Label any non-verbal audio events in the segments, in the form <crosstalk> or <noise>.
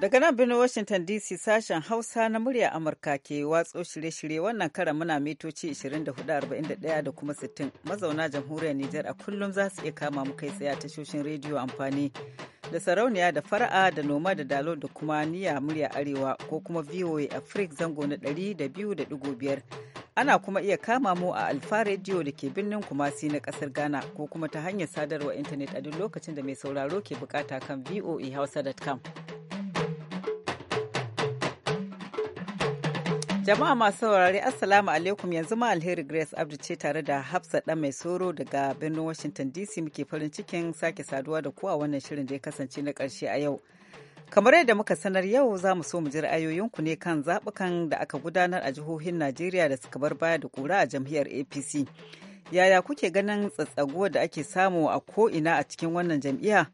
Daga nan birnin Washington DC sashen Hausa na murya Amurka ke watso shirye-shirye wannan kara muna mitoci 24,41 da kuma 60 mazauna jamhuriyar Nijar a kullum za su iya kama mu kai tsaye tashoshin rediyo amfani da sarauniya da fara'a da noma da dalo da kuma niya murya arewa ko kuma VOA Africa zango na 200.5 ana kuma iya kama mu a alfa rediyo da ke birnin Kumasi na kasar Ghana ko kuma ta hanyar sadarwa intanet a duk lokacin da mai sauraro ke bukata kan voahausa.com. Jama'a masu saurare Assalamu alaikum yanzu ma alheri Grace Abdu ce tare da Hafsa ɗan mai soro daga birnin Washington DC muke farin cikin sake saduwa da ku a wannan shirin da ya kasance na ƙarshe a yau. Kamar yadda muka sanar yau za mu so mu ji ra'ayoyinku ne kan zaɓukan da aka gudanar a jihohin Najeriya da suka bar baya da ƙura a jam'iyyar APC. Yaya kuke ganin tsatsaguwa da ake samu a ko ina a cikin wannan jam'iyya?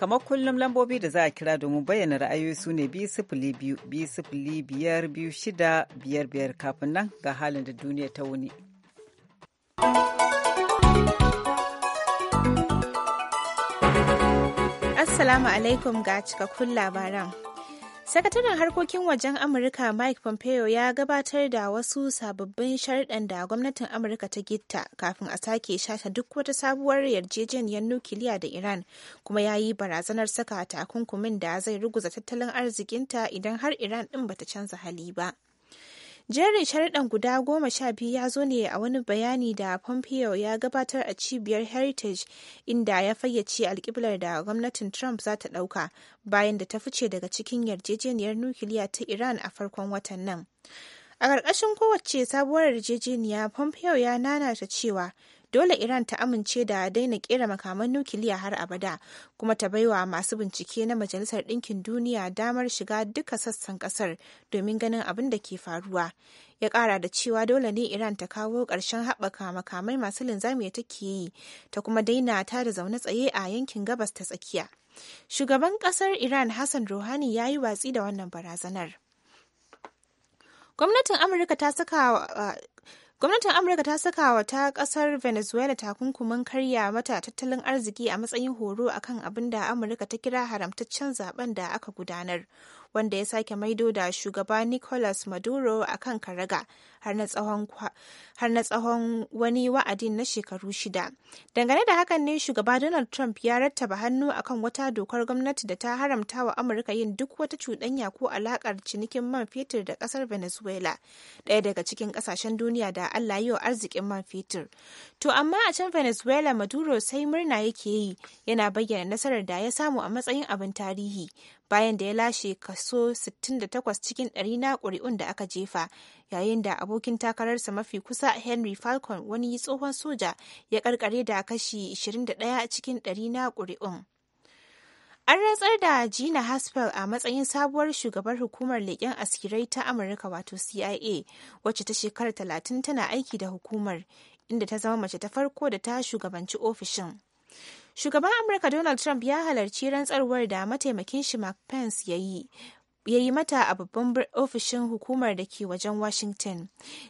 kamar kullum lambobi da za a kira domin bayyana ra'ayoyi su ne biyu sifili biyu biyu sifili biyar biyu shida biyar biyar kafin nan ga halin da duniya ta wuni. Assalamu alaikum ga cikakkun labaran. Sakataren harkokin wajen Amurka Mike Pompeo ya gabatar da wasu sababbin sharɗan da gwamnatin Amurka ta gitta kafin a sake shata duk wata sabuwar yarjejeniyar nukiliya da Iran, kuma ya yi barazanar saka takunkumin da zai ruguza tattalin arzikinta idan har Iran ɗin bata canza hali ba. Jerin sharaɗan guda goma sha biyu ya zo ne a wani bayani da Pompeo ya gabatar a cibiyar Heritage inda ya fayyace alkiblar da gwamnatin Trump za ta ɗauka bayan da ta fice daga cikin yarjejeniyar nukiliya ta Iran a farkon watan nan. A ƙarƙashin kowace sabuwar yarjejeniya, Pompeo ya nanata cewa dole Iran ta amince da daina kera makaman nukiliya har abada kuma ta baiwa masu bincike na Majalisar Ɗinkin Duniya damar shiga duka sassan ƙasar domin ganin abin da ke faruwa. Ya ƙara da cewa dole ne Iran ta kawo ƙarshen haɓaka makamai masu linzami ta ke yi ta kuma daina ta da zaune tsaye a yankin gabas ta tsakiya. Shugaban ƙasar Iran Hassan Rouhani ya yi watsi da wannan barazanar. Gwamnatin Amurka ta saka Gwamnatin Amurka ta saka wa ta kasar Venezuela takunkumin karya mata tattalin arziki a matsayin horo akan abin da Amurka ta kira haramtaccen zaben da aka gudanar, wanda ya sake maido da shugaba Nicolas Maduro a kan karaga har na tsawon wani wa'adin na shekaru shida. Dangane da hakan ne shugaba Donald Trump ya rattaba hannu akan wata dokar gwamnati da ta haramta wa Amurka yin duk wata cuɗanya ko alaƙar cinikin man fetur da ƙasar Venezuela, ɗaya daga cikin ƙasashen duniya da Allah yi wa arzikin man fetur. To amma a can Venezuela Maduro sai murna yake yi yana bayyana nasarar da ya samu a matsayin abin tarihi bayan da ya lashe kaso 68 cikin 100 na ƙuri'un da aka jefa yayin da abokin takararsa mafi kusa henry falcon wani tsohon soja ya karkare da kashi 21 cikin 100 na ƙuri'un An rantsar da Gina Haspel a matsayin sabuwar shugabar hukumar leƙen asirai ta Amurka wato CIA wacce ta shekarar talatin tana aiki da hukumar inda ta zama mace ta farko da ta shugabanci ofishin. Shugaban Amurka Donald Trump ya halarci rantsarwar da mataimakin shi Mark Pence ya yi ya yi mata a babban ofishin hukumar da ke wajen Washington.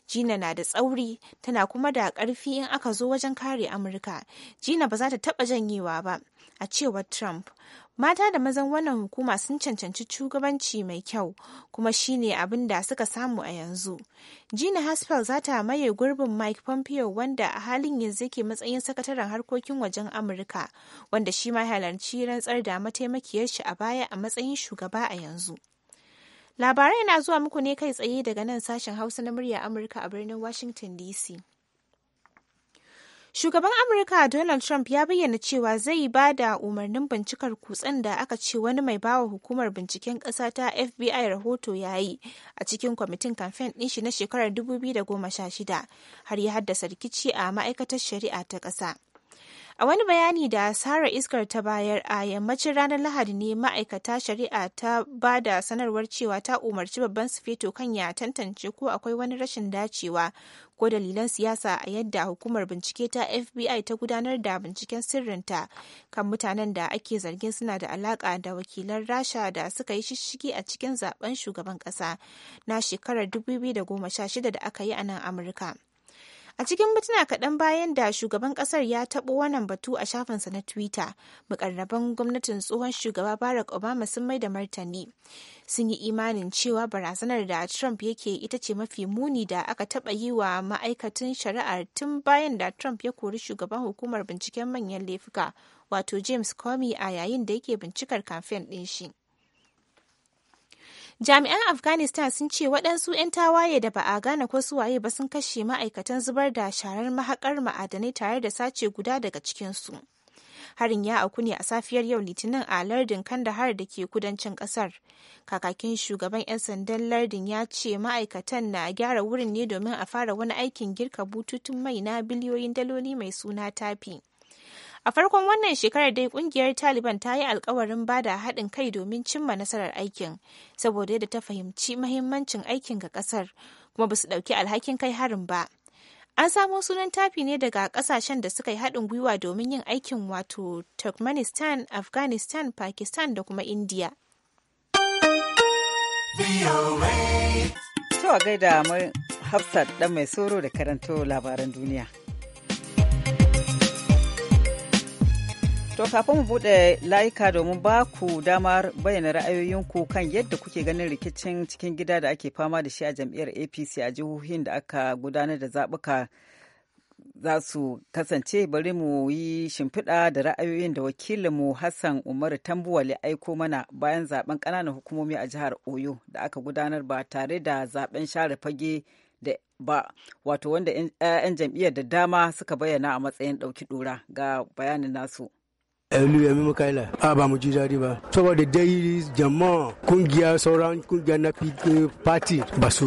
Gina na da tsauri, tana kuma da ƙarfi in aka zo wajen kare Amurka. Gina ba za ta taɓa janyewa ba, a cewar Trump. Mata da mazan wannan hukuma sun cancanci shugabanci mai kyau kuma shine abin da suka samu a yanzu. Gina Haspel za ta maye gurbin Mike Pompeo wanda a halin yanzu yake matsayin sakataren harkokin wajen Amurka wanda shi ma halarci rantsar da mataimakiyar shi a baya a matsayin shugaba a yanzu. Labarai na zuwa muku ne kai tsaye daga nan sashen Hausa na murya Amurka a birnin Washington DC. Shugaban Amurka Donald Trump ya bayyana cewa zai ba da umarnin bincikar kutsen da aka ce wani mai bawa hukumar binciken ƙasa ta FBI rahoto ya yi a cikin kwamitin kamfen ɗin shi na shekarar 2016 har ya haddasa rikici a ma'aikatar shari'a ta ƙasa. A wani bayani da Sara Iskar ta bayar a yammacin ranar Lahadi ne ma'aikata shari'a ta ba da sanarwar cewa ta umarci babban su feto kan ya tantance ko akwai wani rashin dacewa ko dalilan siyasa a yadda hukumar bincike ta FBI ta gudanar da binciken sirrinta kan mutanen da ake zargin suna da alaka da wakilan Rasha da suka yi shishigi a cikin zaben shugaban kasa na shekarar 2016 da aka yi a nan Amurka. A cikin mutuna kaɗan bayan da shugaban ƙasar ya taɓo wannan batu a shafinsa na Twitter, mukarraban gwamnatin tsohon shugaba Barack Obama sun mai da martani. Sun yi imanin cewa barazanar da Trump yake ita ce mafi muni da aka taɓa yi wa ma'aikatan shari'ar tun bayan da Trump ya kori shugaban hukumar binciken manyan laifuka, wato James Comey a yayin da yake bincikar kamfen ɗin shi. jami'an afghanistan sun ce waɗansu 'yan tawaye da ba a gane ko suwaye ba sun kashe ma'aikatan zubar da sharar mahakar ma'adanai tare da sace guda daga cikinsu harin ya auku ne a safiyar yau litinin a lardin kandahar da ke kudancin kasar kakakin shugaban 'yan sandan lardin ya ce ma'aikatan na gyara wurin ne domin a fara wani aikin girka bututun mai na biliyoyin daloli mai suna tafi A farkon wannan shekarar dai kungiyar Taliban ta yi alkawarin ba da haɗin kai domin cimma nasarar aikin saboda yadda ta fahimci mahimmancin aikin ga ƙasar kuma ba su ɗauki alhakin kai harin ba. An samo sunan tafi ne daga ƙasashen da suka yi haɗin gwiwa domin yin aikin wato Turkmenistan, Afghanistan, Pakistan da kuma India. To a gaida mai Hafsat ɗan mai soro da karanto labaran duniya. To kafin mu buɗe layuka domin ba ku damar bayyana ra'ayoyinku kan yadda kuke ganin rikicin cikin gida da ake fama da shi a jam'iyyar APC a jihohin da aka gudanar da zaɓuka za su kasance bari mu yi shimfiɗa da ra'ayoyin da wakilinmu Hassan Umaru Tambuwal ya aiko mana bayan zaben ƙananan hukumomi a jihar Oyo da aka gudanar ba tare da zaben share fage da ba wato wanda 'yan jam'iyyar da dama suka bayyana a matsayin ɗauki ɗora ga bayanin nasu. Aliyu Yami Mikaila a ba mu ji daɗi ba saboda dai jama'a kungiya sauran kungiya na eh, party ba su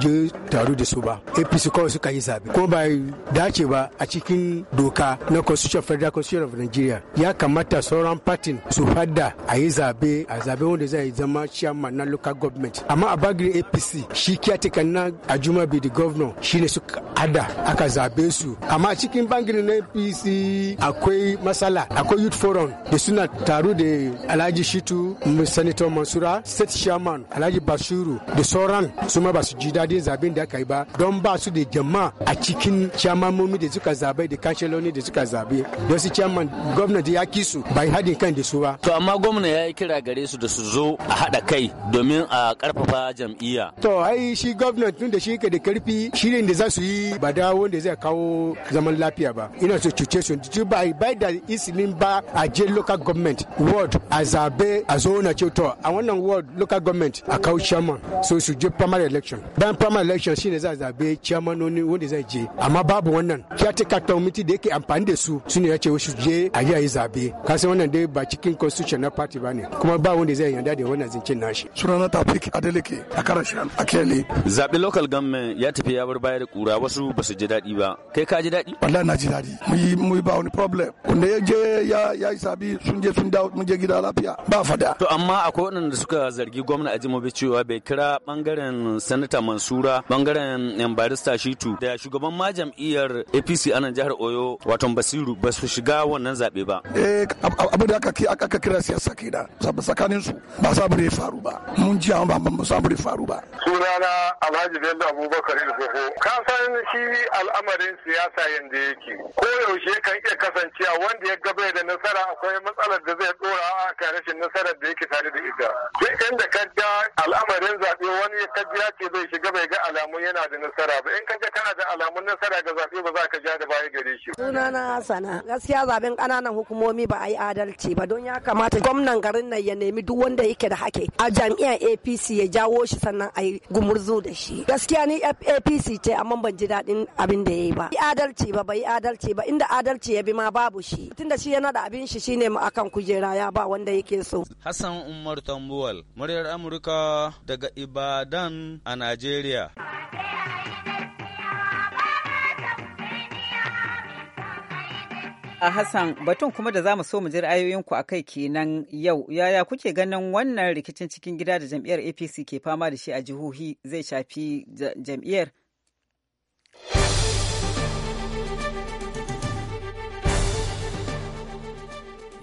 je taro da su ba APC kawai suka yi zabe ko ba dace ba a cikin doka na Constitution Federal Constitution of Nigeria ya kamata sauran party su fadda a yi zabe a zabe wanda zai zama chairman na local government amma a bagire APC shi caretaker na Ajuma bi the governor shine suka hada aka zabe su amma cikin bangare na APC akwai masala akwai youth forum da suna taro da alhaji shitu senator mansura state chairman alhaji bashiru da sauran su ma ba su ji daɗin zaben da aka yi ba don ba su da jama'a a cikin chairmamomi da suka zabe da kansiloni da suka zabe don su chairman da ya ki su bai haɗin kan da su ba. to amma gwamna ya yi kira gare su da su zo a haɗa kai domin a ƙarfafa jam'iyya. to ai shi gwamna tun da shi ke da karfi shirin da za su yi ba da wanda zai kawo zaman lafiya ba ina so cuce su ba da isinin ba a je local government ward a zabe a zo na ce to a wannan ward local government a kawo chairman so su je primary election bayan primary election shine za a zabe chairmanoni wanda zai je amma babu wannan caretaker committee da yake amfani da su shine ya ce su je a yi zabe kasan wannan dai ba cikin constitution na party ba ne kuma ba wanda zai yarda da wannan zincin nashi sunana tafik adeleke a karashen akeli zabe local government ya tafi ya bar baya da kura wasu ba su ji daɗi ba kai ka ji daɗi wallahi na ji daɗi mu yi ba wani problem wanda ya je ya ya yi sabi sun je sun dawo mun je gida lafiya ba fada. To amma akwai waɗanda suka zargi gwamna Ajimobi cewa bai kira bangaren sanata Mansura bangaren yan barista Shitu da shugaban ma jam'iyyar APC a nan jihar Oyo wato Basiru ba su shiga wannan zaɓe ba. Eh abu da aka aka kira siyasa kenan tsakanin su ba sa bude faru ba mun ji ba ba mun sa bude faru ba. Sunana Alhaji Bello Abubakar Ilfofo ka san shi al'amarin siyasa yanda yake ko yaushe kan iya kasancewa wanda ya gaba da nasara akwai matsalar da zai dora a kan rashin nasarar da yake tare da ita duk inda ka ja al'amarin zaɓe wani ka ji ce zai shiga bai ga alamu yana da nasara ba in ka ja kana da alamun nasara ga zaɓe ba za ka ja da baya gare shi suna na sana gaskiya zaben ƙananan hukumomi ba a yi adalci ba don ya kamata gwamnan garin nan ya nemi duk wanda yake da hake a jami'an APC ya jawo shi sannan a yi gumurzu da shi gaskiya ni APC ce amma ban ji daɗin abin da ya yi ba yi adalci ba bai adalci ba inda adalci ya bi ma babu shi tunda shi yana da abin shi shine mu akan kujera ya ba wanda yake so Hassan Umar Tambuwal muryar Amurka daga Ibadan a Najeriya a Hassan batun kuma da za mu so mu ji ra'ayoyinku a kai kenan yau yaya kuke ganin wannan rikicin cikin gida da jam'iyyar APC ke fama da shi a jihohi zai shafi jam'iyyar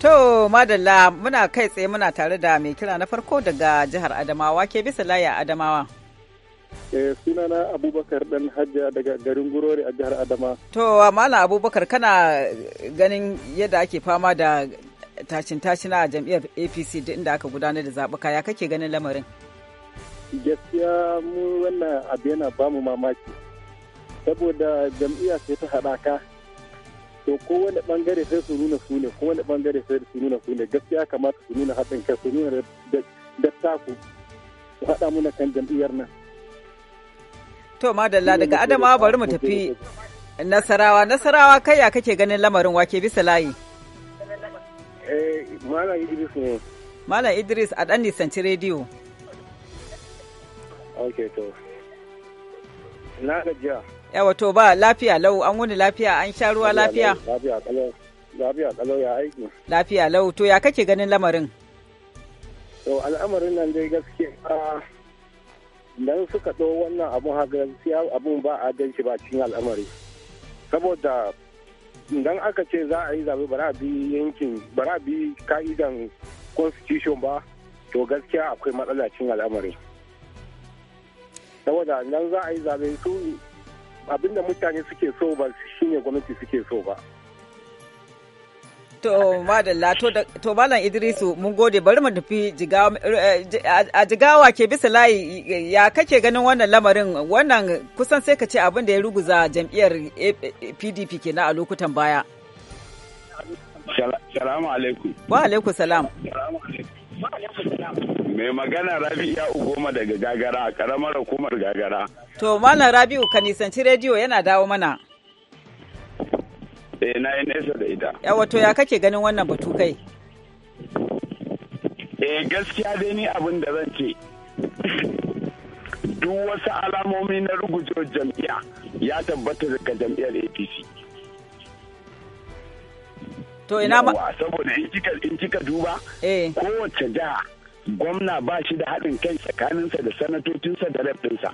To madalla muna kai tsaye muna tare da mai kira na farko daga jihar Adamawa ke bisa laya Adamawa. Eh, na Abubakar dan Hajja daga garin Gurori a jihar Adama. To Malam Abubakar kana ganin yadda ake fama da tashin tashina a jam'iyyar APC duk inda aka gudanar da zaɓuka ya kake ganin lamarin? Gaskiya mu wannan abu yana bamu mamaki. Saboda jam'iyya sai ta haɗaka to wani bangare sai su nuna su ne wani bangare sai su nuna su ne gaskiya kamata su nuna haɗin kai su nuna taku su haɗa muna kan jam'iyyar nan. To madalla daga Adamawa bari mu tafi Nasarawa Nasarawa kai ya kake ganin lamarin wake bisa layi. Eh, Malam Idris ne. Malam Idris a ɗan nisanci rediyo. Ok to. Na gajiya. yawa to ba lafiya lau an wuni lafiya an sha ruwa lafiya lafiya kalau ya aiki lafiya lau to ya kake ganin lamarin to al'amarin nan dai gaske. dan suka ɗo wannan abun siya abun ba a gan shi ba cikin al'amari saboda idan aka ce za a yi zaɓe bara bi yankin bara bi ka'idan constitution ba to gaskiya akwai matsala cikin al'amari saboda nan za a yi zaɓe su abinda mutane suke so ba shi ne gwamnati suke so ba To madalla to malam Idrisu mun gode bari mu tafi a jigawa ke bisa layi ya kake ganin wannan lamarin wannan kusan sai ka ce abin da ya ruguza jam'iyyar PDP ke na a lokutan baya. Salamu alaikum. Wa alaikum salam. Salamu alaikum. mai magana Rabi'u goma daga Gagara a karamar hukumar Gagara. To Malam Rabi'u ka nisanci rediyo yana dawo mana. Eh na yi nesa da ita. Yawa to ya kake ganin wannan batu kai? Eh gaskiya dai ni abin da zan ce. Duk wasu alamomi na rugujo jam'iyya ya tabbata daga jam'iyyar APC. To ina ma. Saboda in kika duba. Eh. Kowace jiha gwamna ba shi da haɗin kai tsakaninsa da sanatocinsa da rafinsa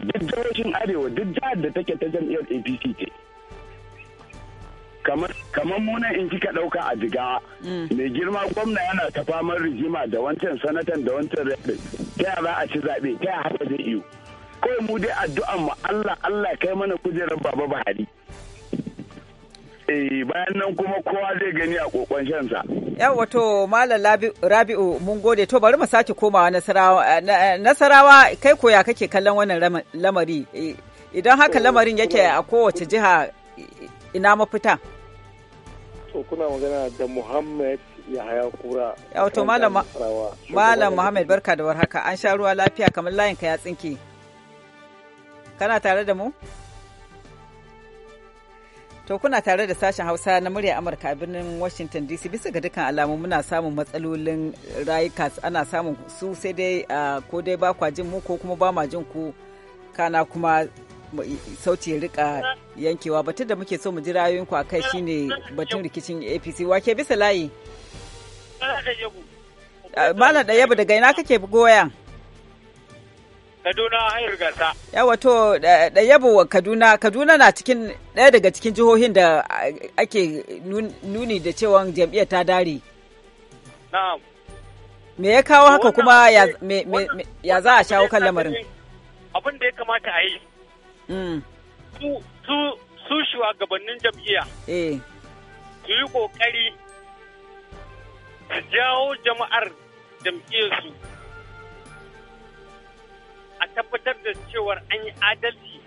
duk jihohin arewa duk jihar da take ta jam'iyyar apc ce kamar munan in kika ɗauka a jigawa mm. mai girma gwamna yana ta famar rigima da wancan sanatan da wancan rafin ta yara a ci zaɓe ta yaya haɗa zai iyo kawai mu dai addu'an mu allah allah kai mana kujerar baba buhari Eh, bayan nan kuma kowa zai gani a kokon shansa. Yan wato Malam Rabi'u mun gode to bari mu sake komawa Nasarawa eh, eh, kai koya kake kallon wannan lamari idan haka lamarin yake a kowace jiha ina mafita. To kuna magana da Muhammad Yahaya Kura. Ya wato Malam Muhammad barka da warhaka an sha ruwa lafiya kamar layin ka ya tsinke. Kana tare da mu? To kuna tare da sashen Hausa na murya Amurka a birnin Washington DC bisa ga dukkan alamu muna samun matsalolin rayuka ana samun su sai dai ko dai ba kwa jin mu ko kuma ba ma jin ku kana kuma sauti rika yankewa batun da muke so mu ji rayuwar ku akai shine batun rikicin APC wake bisa layi. Malam Dayabu daga ina kake goya? Kaduna har gasa. Yawa to da yabo Kaduna, Kaduna na cikin ɗaya daga cikin jihohin da ake nuni da cewa jam'iyyar ta dare. Na'am. Me ya kawo haka kuma ya za a shawo kan lamarin? Abin da ya kamata a yi. Mm. Su shugabannin jam'iyya. Eh. Su yi ƙoƙari su jawo jama'ar jam'iyyarsu. tabbatar da cewar an yi adalci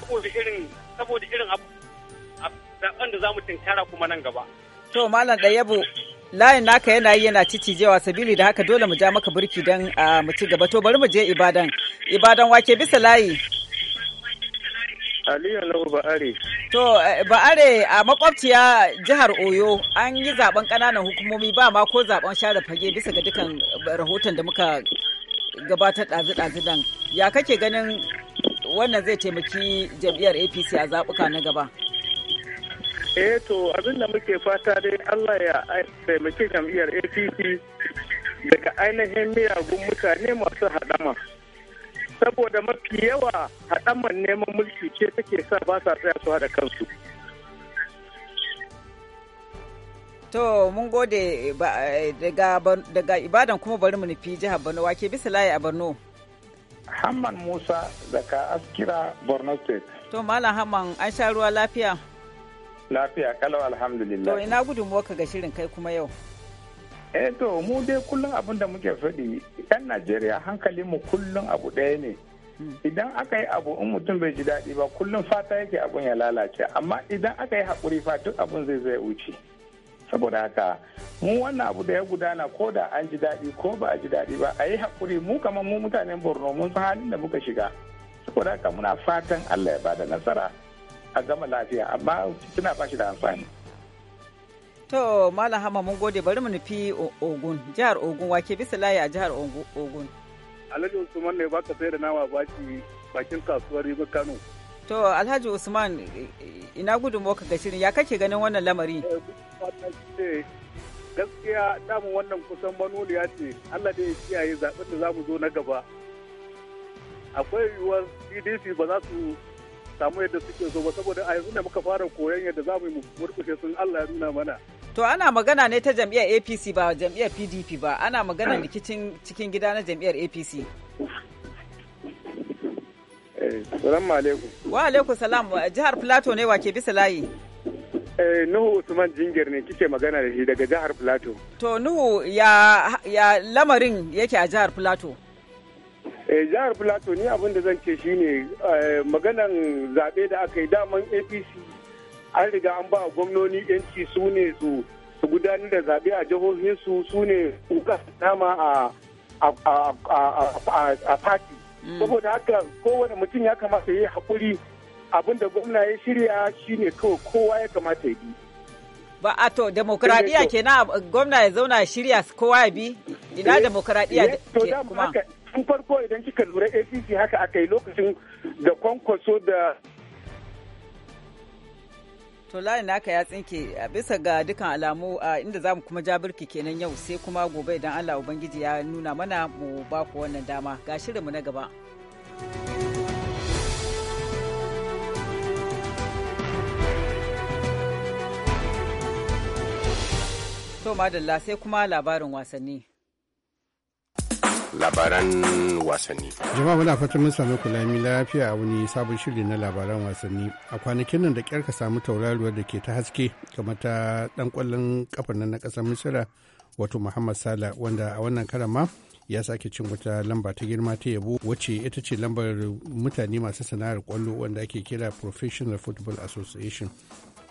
saboda irin saboda irin zaben da za mu tunkara kuma nan gaba. To Malam Ɗayabo, layin naka yana yi yana cicijewa sabili da haka dole mu ja maka burki don mu ci gaba. To bari mu je Ibadan. Ibadan wake bisa layi. Aliyu Nuhu Ba'are. To eh, Ba'are a makwabciya jihar Oyo an yi zaben ƙananan hukumomi ba ma ko zaben share fage bisa ga dukan rahoton da muka gabatar ɗazu-ɗazu nan ya kake ganin wannan zai taimaki jam'iyyar apc a zaɓuka na gaba eh to abin da muke fata dai allah ya taimaki jam'iyyar apc daga ainihin miyagun mutane masu haɗama saboda mafi yawa haɗaman neman mulki ce take sa ba sa tsaya su haɗa kansu To mun gode daga Ibadan kuma bari mu nufi jihar Borno wake bisa layi a Borno. Hamman Musa daga Askira Borno State. To Malam Hamman an sha ruwa lafiya? Lafiya kalau alhamdulillah. To ina gudun ka ga shirin kai kuma yau. Eh to mu dai kullum abin da muke faɗi 'yan Najeriya hankalinmu kullum abu ɗaya ne. Hmm. idan aka yi abu in mutum bai ji daɗi ba kullum fata yake abun ya lalace amma idan aka yi haƙuri fa duk abun zai zai wuce. saboda haka mu wannan abu da ya gudana ko da an ji daɗi ko ba a ji daɗi ba a yi haƙuri mu kamar mu mutanen borno mun san halin da muka shiga saboda haka muna fatan allah ya bada nasara a gama lafiya amma suna ba shi da amfani to malam hama mun gode bari mu nufi ogun jihar ogun wake bisa layi a jihar ogun alhaji usman ne baka sai da nawa baki bakin kasuwar riba kano To Alhaji Usman ina gudun ka ga shirin ya kake ganin wannan lamari? Eh, gaskiya damu wannan kusan ya ce Allah da ya kiyaye zaɓen da za mu zo na gaba. Akwai yiwuwar CDC ba za su samu yadda suke so ba saboda a yanzu da muka fara koyon yadda za mu yi murkushe sun Allah ya nuna mana. To ana magana ne ta jam'iyyar APC ba jam'iyyar PDP ba ana magana rikicin cikin gida na jam'iyyar APC. Eh, salamu alaikum. Wa alaikum salam. Jihar Plateau ne wake bisa layi. Eh, Nuhu Usman Jingir ne kike magana da shi daga jihar Plateau. To Nuhu ya, ya lamarin yake a jihar Plateau. Eh, jihar Plateau ni abin da zan ce shine eh, maganan zaɓe da aka yi daman APC an riga an ba gwamnoni yanci su ne su gudanar da zaɓe a jihohinsu su ne kuka nama a a a a a saboda haka kowane mutum ya kamata ya yi hakuri abinda gwamna ya shirya shine kawai kowa ya kamata ya bi ba a to demokradiya eh, na gwamna ya zauna shirya kowa ya bi ina eh, demokradiya eh, kuma tun farko idan kika lura A.C.C haka aka yi lokacin da kwankwaso da to layin naka ya tsinke bisa ga dukan alamu inda za mu kuma birki kenan yau sai kuma gobe idan allah ubangiji ya nuna mana mu ba ku wannan dama ga shirinmu na gaba to madalla sai kuma labarin wasanni labaran wasanni. Jama'a muna fatan mun sami kulami lafiya a wani sabon shiri na labaran wasanni. A kwanakin nan da kyar ka samu tauraruwa da ke ta haske kamar ta dan kwallon kafar nan na kasar Misira wato Muhammad Sala wanda a wannan karan ma ya sake cin wata lamba ta girma ta yabo wacce ita ce lambar mutane masu sana'ar kwallo wanda ake kira Professional Football Association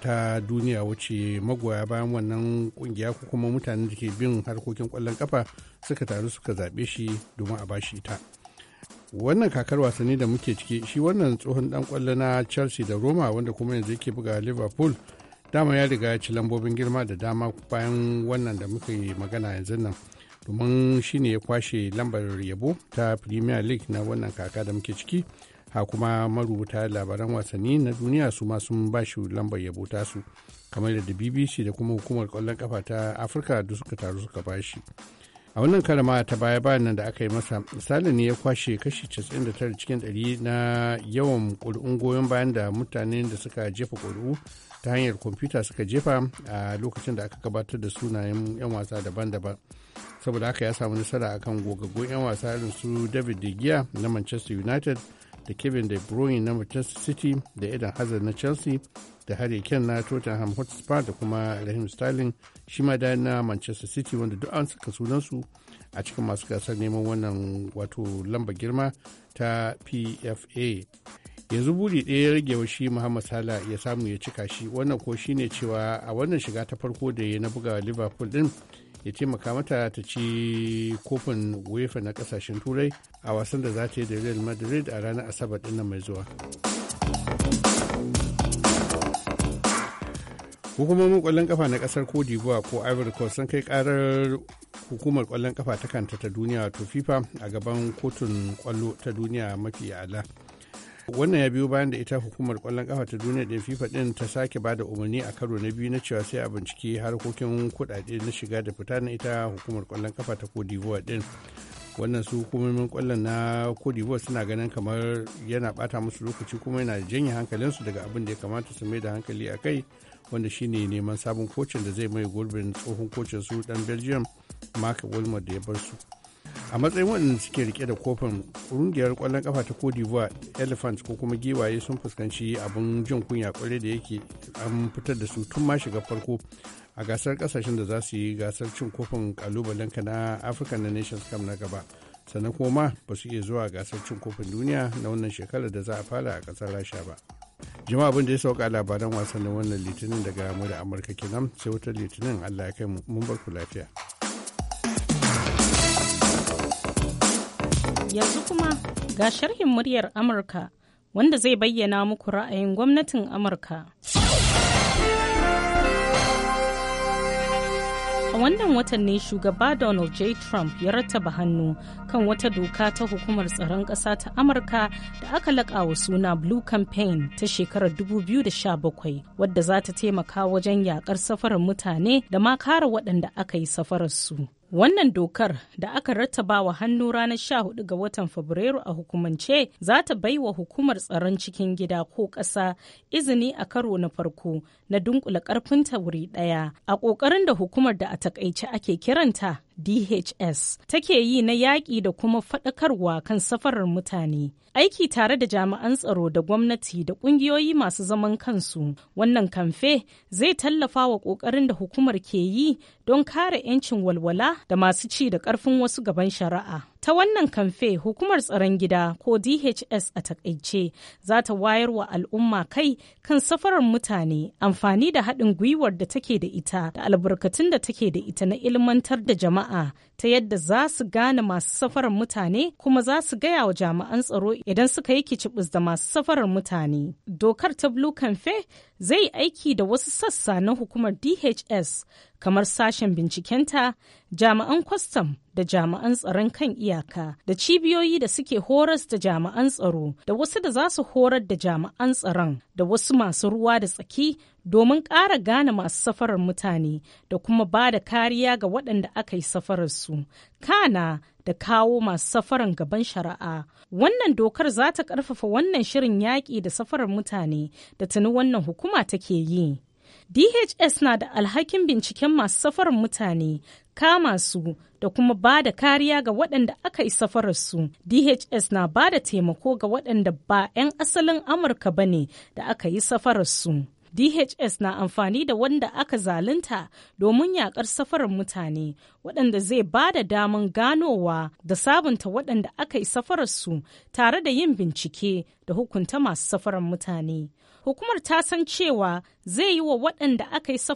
ta duniya wuce magoya bayan wannan kungiya ko kuma mutanen da ke bin harkokin kwallon kafa suka taru suka zaɓe shi domin a bashi ita wannan kakar wasanni da muke ciki shi wannan tsohon dan kwallo na chelsea da roma wanda kuma yanzu yake buga liverpool dama ya riga ya ci lambobin girma da dama bayan wannan da muka yi magana yanzu nan domin shine ya kwashe lambar yabo ta premier league na wannan kaka da muke ciki ha kuma marubuta labaran wasanni na duniya su ma sun ba shi lambar yabo su, kamar da bbc da kuma hukumar kwallon kafa ta afirka da suka taru suka ba shi a wannan karama ta baya bayan nan da aka yi masa misali ne ya kwashe kashi 99 cikin 100 na yawan ƙuri'un goyon bayan da mutanen da suka jefa ƙuri'u ta hanyar kwamfuta suka jefa a lokacin da aka gabatar da sunayen 'yan wasa daban-daban saboda haka ya samu nasara akan gogaggun 'yan wasa irin su david de gea na manchester united da kevin de bruyne na manchester city da eden hazard na chelsea da harry kane na tottenham hotspur da kuma raheem sterling shi ma da na manchester city wanda duk an saka sunansu a cikin masu gasar neman wannan wato lamba girma ta pfa yanzu buri ɗaya rage wa shi muhammad Salah ya samu ya cika shi wannan ko shine cewa a wannan shiga ta farko da ya na buga liverpool din ya taimaka mata ta ci kofin uefa na kasashen turai a wasan da za ta yi da real madrid a ranar asabar dinnan mai zuwa hukumomin kwallon kafa na kasar cote d'ivoire ko ivory coast sun kai karar hukumar kwallon kafa ta kanta ta duniya wato fifa a gaban kotun kwallo ta duniya mafi ala wannan ya biyo bayan da ita hukumar kwallon kafa ta duniya da fifa din ta sake ba da umarni a karo na biyu na cewa sai a bincike harkokin kudade na shiga da fita na ita hukumar kwallon kafa ta cote d'ivoire din wannan su hukumomin kwallon na cote d'ivoire suna ganin kamar yana bata musu lokaci kuma yana janye hankalinsu daga abin da ya kamata su mai da hankali a kai wanda shine neman sabon kocin da zai mai gurbin tsohon kocin su dan belgium mark wilmot da ya bar su a matsayin waɗanda suke rike da kofin ƙungiyar ƙwallon kafa ta cote d'ivoire elephant ko kuma giwaye sun fuskanci abin jin kunya kwarai da yake an fitar da su tun ma shiga farko a gasar ƙasashen da za su yi gasar cin kofin ka na african nations cup na gaba sannan kuma ba su iya zuwa gasar cin kofin duniya na wannan shekarar da za a fara a kasar rasha ba jama'a abin da ya sauka labaran wasannin wannan litinin daga mu da amurka kenan sai wutar litinin allah ya kai mu mun bar ku lafiya Yanzu kuma ga sharhin muryar Amurka wanda zai bayyana muku ra'ayin gwamnatin Amurka. A wannan watan ne shugaba Donald J. Trump ya rattaba hannu kan wata doka ta hukumar tsaron ƙasa ta Amurka da aka laƙa wa suna Blue Campaign ta shekarar 2017 wadda za ta taimaka wajen yaƙar safarar mutane da ma kara waɗanda aka yi safararsu. Wannan dokar da aka rattaba wa hannu ranar 14 ga watan Fabrairu a hukumance za ta bai wa hukumar tsaron cikin gida ko ƙasa izini a karo na farko na dunkula ƙarfinta wuri ɗaya a ƙoƙarin da hukumar da a takaice ake kiranta DHS take yi na yaƙi da kuma faɗakarwa kan safarar mutane. Aiki tare da jami'an tsaro da gwamnati da ƙungiyoyi masu zaman kansu. Wannan kamfe zai tallafa wa ƙoƙarin da hukumar ke yi don kare 'yancin walwala da masu ci da ƙarfin wasu gaban shari'a. Ta wannan kamfe hukumar tsaron gida ko DHS a takaice za ta wayar wa al'umma kai kan safarar mutane amfani da haɗin gwiwar da take da ita da albarkatun da take da ita na ilmantar da jama'a ta yadda za su gane masu safarar mutane kuma za su gaya wa jami'an tsaro idan suka yi kicibis da masu safarar mutane. Dokar ta Blue kamfe zai aiki da wasu sassa na hukumar DHS kamar sashen bincikenta, jami'an kwastam, da jami'an tsaron kan iyaka da cibiyoyi da suke horas da jami'an tsaro da wasu da za su horar da jami'an tsaron da wasu masu ruwa da tsaki domin ƙara gane masu safarar mutane da kuma ba da kariya ga waɗanda aka yi safararsu kana da kawo masu safaran gaban shari'a wannan dokar za ta ƙarfafa wannan shirin yaƙi da safarar mutane da tuni wannan hukuma take yi. DHS na da alhakin binciken masu safarar mutane, kama su da kuma ba da kariya ga waɗanda aka yi safararsu. DHS na ba da taimako ga waɗanda ba 'yan asalin Amurka ba ne da aka yi safararsu. DHS na amfani da wanda aka zalunta domin yakar safarar mutane waɗanda zai ba da daman ganowa da sabunta waɗanda aka yi safararsu tare da yin bincike da hukunta masu safarar mutane. hukumar ta san cewa zai yi wa waɗanda aka yi su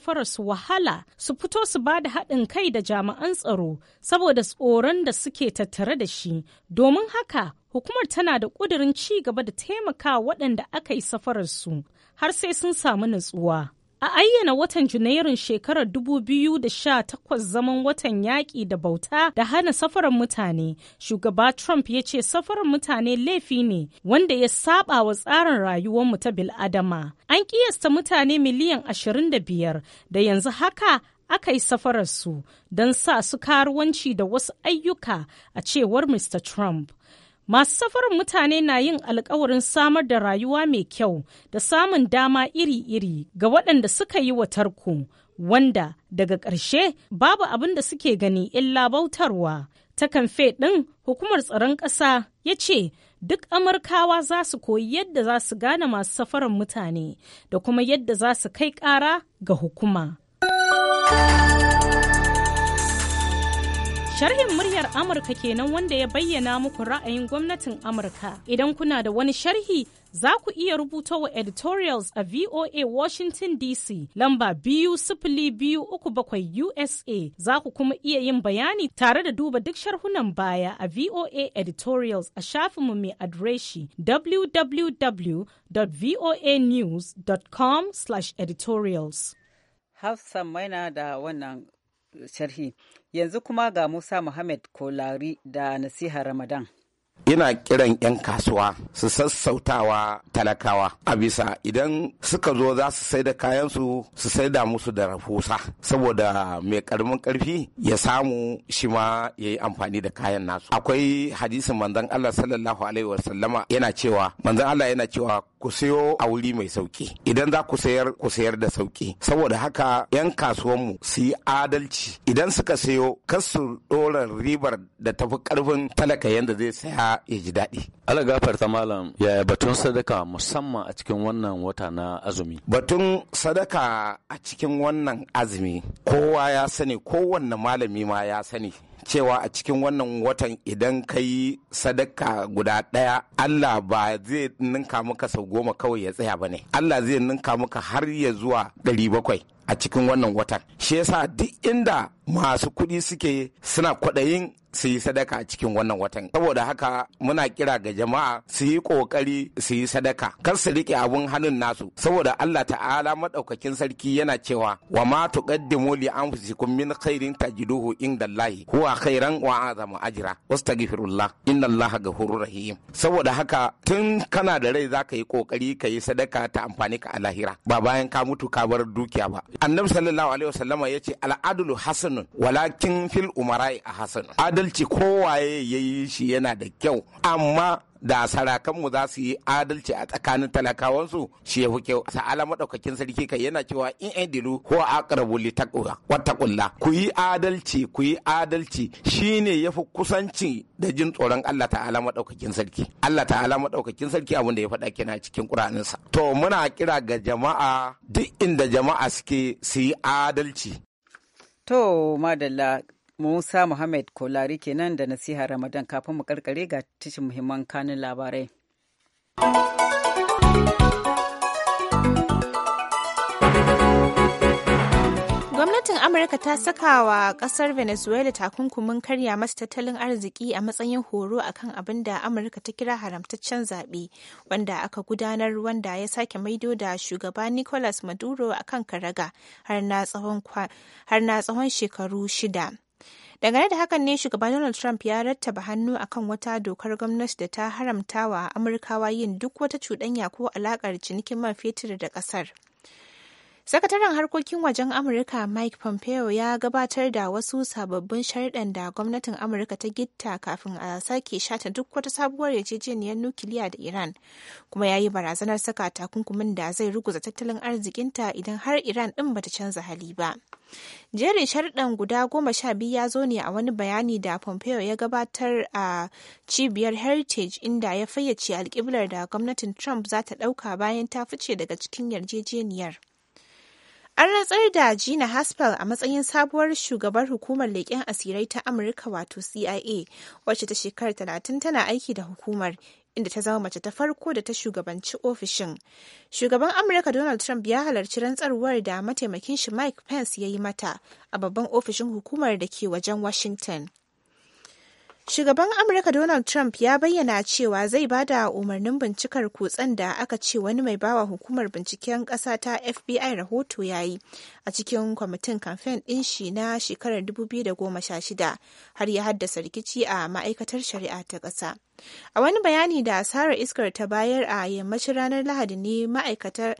wahala su fito su ba da haɗin kai da jami'an tsaro saboda tsoron da suke tattare da shi domin haka hukumar tana da ƙudurin ci gaba da taimaka waɗanda aka yi safararsu har sai sun samu natsuwa. A ayyana watan Junairun shekarar 2018 zaman watan yaƙi da bauta da hana safarar mutane, shugaba Trump ya ce safarar mutane laifi ne wanda ya saba wa tsarin rayuwarmu ta bil'adama. An ƙiyasta mutane miliyan 25 da yanzu haka aka yi safararsu don sa su karuwanci da wasu ayyuka a cewar Mr. Trump. Masu safarin mutane na yin alkawarin samar da rayuwa mai kyau da samun dama iri-iri ga waɗanda suka yi wa tarko, wanda daga ƙarshe babu abin da suke gani illa bautarwa. Ta kamfe ɗin hukumar tsaron ƙasa ya ce duk Amurkawa za su koyi yadda za su gane masu safarin mutane da kuma yadda za su kai ƙara ga hukuma. Sharhin muryar Amurka kenan wanda ya bayyana muku ra'ayin gwamnatin Amurka. Idan kuna da wani sharhi za ku iya rubuta wa editorials a VOA Washington DC lamba biyu sifili biyu uku bakwai USA za ku kuma iya yin bayani tare da duba duk sharhunan baya a VOA editorials a shafinmu mai adireshi www.voanews.com/editorials. Hafsa maina da wannan sharhi yanzu kuma ga musa muhammad kolari da nasiha ramadan Ina kiran 'yan kasuwa su sassautawa talakawa a bisa idan suka zo za su sai da kayansu su sai da musu da rahusa saboda mai karamin karfi ya samu shi ma ya yi amfani da kayan nasu akwai hadisin manzan allah sallallahu alaihi wasallama yana cewa manzan allah yana cewa ku siyo a wuri mai sauki idan za ku sayar ku sayar da sauki saboda haka 'yan kasuwanmu su yi adalci idan suka sayo kar su dora ribar da tafi karfin talaka yadda zai saya ya ji daɗi ala ta malam yaya batun sadaka musamman a cikin wannan wata na azumi batun sadaka a cikin wannan azumi kowa ya sani kowanne malami ma ya sani cewa a cikin wannan watan idan ka yi sadaka guda ɗaya Allah ba zai ninka maka sau goma kawai ya tsaya ba ne Allah zai ninka maka har ya zuwa ɗari bakwai a cikin wannan watan shi yasa duk inda masu kuɗi suke suna kwaɗayin su yi sadaka a cikin wannan watan saboda haka muna kira ga jama'a su yi ƙoƙari su yi sadaka kar su riƙe abun hannun nasu saboda Allah ta'ala maɗaukakin sarki yana cewa wa ma an li anfusikum min khairin tajiduhu indallahi huwa khairan wa zama ajira azama ajra wastaghfirullah ga ghafurur rahim saboda haka tun kana da rai zaka yi ƙoƙari ka yi sadaka ta amfani ka a lahira ba bayan ka mutu ka bar dukiya ba annabi sallallahu alaihi wasallam ya ce al'adulu hasanun walakin fil umarai a hasanun adalci kowaye yayi shi yana da kyau amma da sarakanmu za su yi adalci a tsakanin talakawansu shi ya kyau sa'ala madaukakin sarki kai yana cewa in ai dilu ko aqrabu li taqwa wattaqulla ku yi adalci ku yi adalci shine yafi kusanci da jin tsoron Allah ta'ala madaukakin sarki Allah ta'ala madaukakin sarki abin da ya faɗa kina cikin Qur'aninsa to muna kira ga jama'a duk inda jama'a suke su yi adalci To, Madalla, Musa Muhammad Kolari kenan da nasiha Ramadan kafin mu karkare ga tashin muhimman kanin labarai. Gwamnatin Amurka ta saka wa ƙasar Venezuela takunkumin karya masa tattalin arziki a matsayin horo akan abin da Amurka ta kira haramtaccen zaɓe wanda aka gudanar wanda ya sake maido da shugaba Nicolas Maduro akan karaga har na tsawon shekaru shida. Dangane da hakan ne shugaban Donald Trump ya rattaba hannu akan wata dokar gwamnati da ta haramtawa Amurkawa yin duk wata cuɗanya ko alaƙar cinikin man fetur da ƙasar. Sakataren harkokin wajen Amurka Mike Pompeo ya gabatar da wasu sababbin sharɗan da gwamnatin Amurka ta gitta kafin a sake shata duk wata sabuwar yarjejeniyar nukiliya da Iran, kuma ya yi barazanar saka takunkumin da zai ruguza tattalin arzikinta idan har Iran ɗin bata canza hali ba. Jerin sharɗan guda goma sha biyu ya zo ne a wani bayani da Pompeo ya gabatar a cibiyar Heritage inda ya fayyace alƙiblar da gwamnatin Trump za ta ɗauka bayan ta fice daga cikin yarjejeniyar. An rantsar da Gina Haspel a matsayin sabuwar shugabar hukumar leƙen asirai ta Amurka wato CIA, wacce ta shekarar talatin tana aiki da hukumar, inda ta zama mace ta farko da ta shugabanci ofishin. Shugaban Amurka Donald Trump ya halarci rantsarwar da mataimakin shi Mike Pence ya yi mata a babban ofishin hukumar da ke wajen Washington. Shugaban Amurka Donald Trump ya bayyana cewa zai ba da umarnin bincikar kutsen da aka ce wani mai bawa hukumar binciken ƙasa ta FBI rahoto ya yi a cikin kwamitin kamfen ɗin shi na shekarar 2016 har ya haddasa rikici a ma'aikatar shari'a ta ƙasa. A wani bayani da Sarah Iskar ta bayar a yammacin ranar Lahadi ne ma'aikatar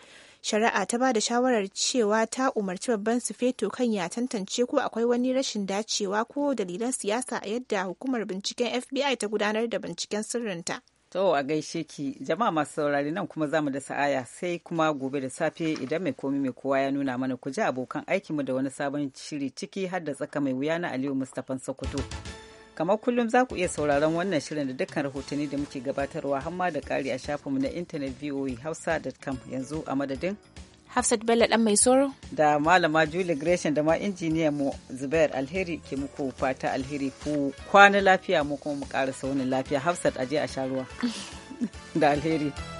shari'a ta ba da shawarar cewa ta umarci babban sufeto kan ya tantance ko akwai wani rashin dacewa ko dalilan siyasa a yadda hukumar binciken fbi ta gudanar da binciken sirrinta to a gaishe ki jama'a masu saurari nan kuma zamu da sa'aya sai kuma gobe da safe idan mai komi mai kowa ya nuna mana ku ji abokan aikinmu da wani sabon shiri ciki har da tsaka mai wuya na aliyu mustapha sokoto kamar kullum za ku iya sauraron wannan shirin da dukkan rahotanni da muke gabatarwa hamma da ƙari a shafinmu na intanet voahausa.com yanzu a madadin hafsat bello dan mai soro da malama julie gresham da ma injiniya mu zubair alheri ke muku fata alheri ku kwana lafiya mu kuma mu ƙara saunin lafiya hafsat aje a sha ruwa <laughs> da alheri